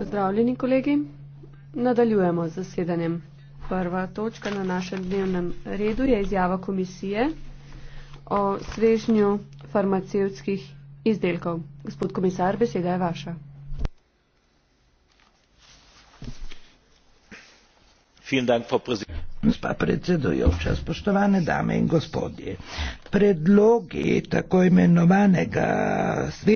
Pozdravljeni kolegi. Nadaljujemo z zasedanjem. Prva točka na našem dnevnem redu je izjava komisije o svežnju farmacevskih izdelkov. Gospod komisar, beseda je vaša. Dank, gospa predsedujoča, spoštovane dame in gospodje. Predlogi tako imenovanega